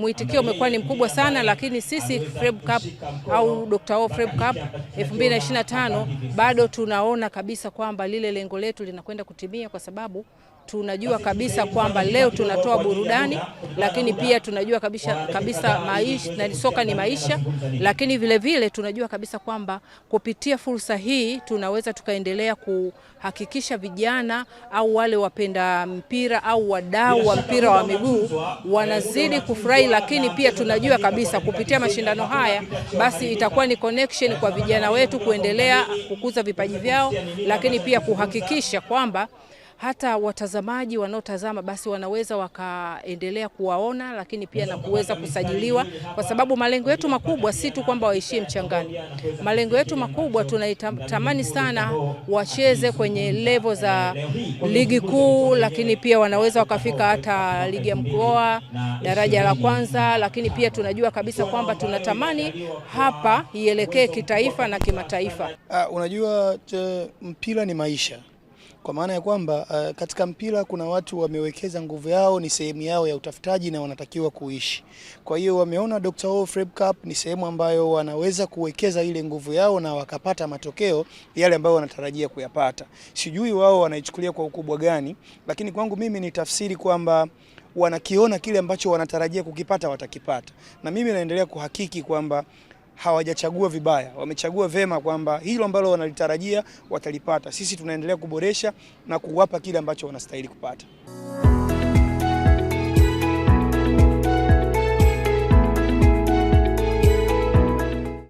Mwitikio umekuwa ni mkubwa sana, lakini sisi Fred Cup au Dr. O Fred Cup 2025 bado tunaona kabisa kwamba lile lengo letu linakwenda kutimia kwa sababu tunajua kabisa kwamba leo tunatoa burudani, lakini pia tunajua kabisa, kabisa maisha na soka ni maisha, lakini vile vile tunajua kabisa kwamba kupitia fursa hii tunaweza tukaendelea kuhakikisha vijana au wale wapenda mpira au wadau wa mpira wa miguu wanazidi kufurahi lakini pia tunajua kabisa kupitia mashindano haya basi itakuwa ni connection kwa vijana wetu kuendelea kukuza vipaji vyao, lakini pia kuhakikisha kwamba hata watazamaji wanaotazama basi wanaweza wakaendelea kuwaona, lakini pia na kuweza kusajiliwa, kwa sababu malengo yetu makubwa si tu kwamba waishie mchangani. Malengo yetu makubwa tunaitamani sana wacheze kwenye levo za ligi kuu, lakini pia wanaweza wakafika hata ligi ya mkoa, daraja la kwanza, lakini pia tunajua kabisa kwamba tunatamani hapa ielekee kitaifa na kimataifa. Uh, unajua mpira ni maisha kwa maana ya kwamba uh, katika mpira kuna watu wamewekeza nguvu yao, ni sehemu yao ya utafutaji na wanatakiwa kuishi. Kwa hiyo wameona Dr. Ofrep Cup ni sehemu ambayo wanaweza kuwekeza ile nguvu yao na wakapata matokeo yale ambayo wanatarajia kuyapata. Sijui wao wanaichukulia kwa ukubwa gani, lakini kwangu mimi ni tafsiri kwamba wanakiona kile ambacho wanatarajia kukipata watakipata, na mimi naendelea kuhakiki kwamba hawajachagua vibaya, wamechagua vema kwamba hilo ambalo wanalitarajia watalipata. Sisi tunaendelea kuboresha na kuwapa kile ambacho wanastahili kupata.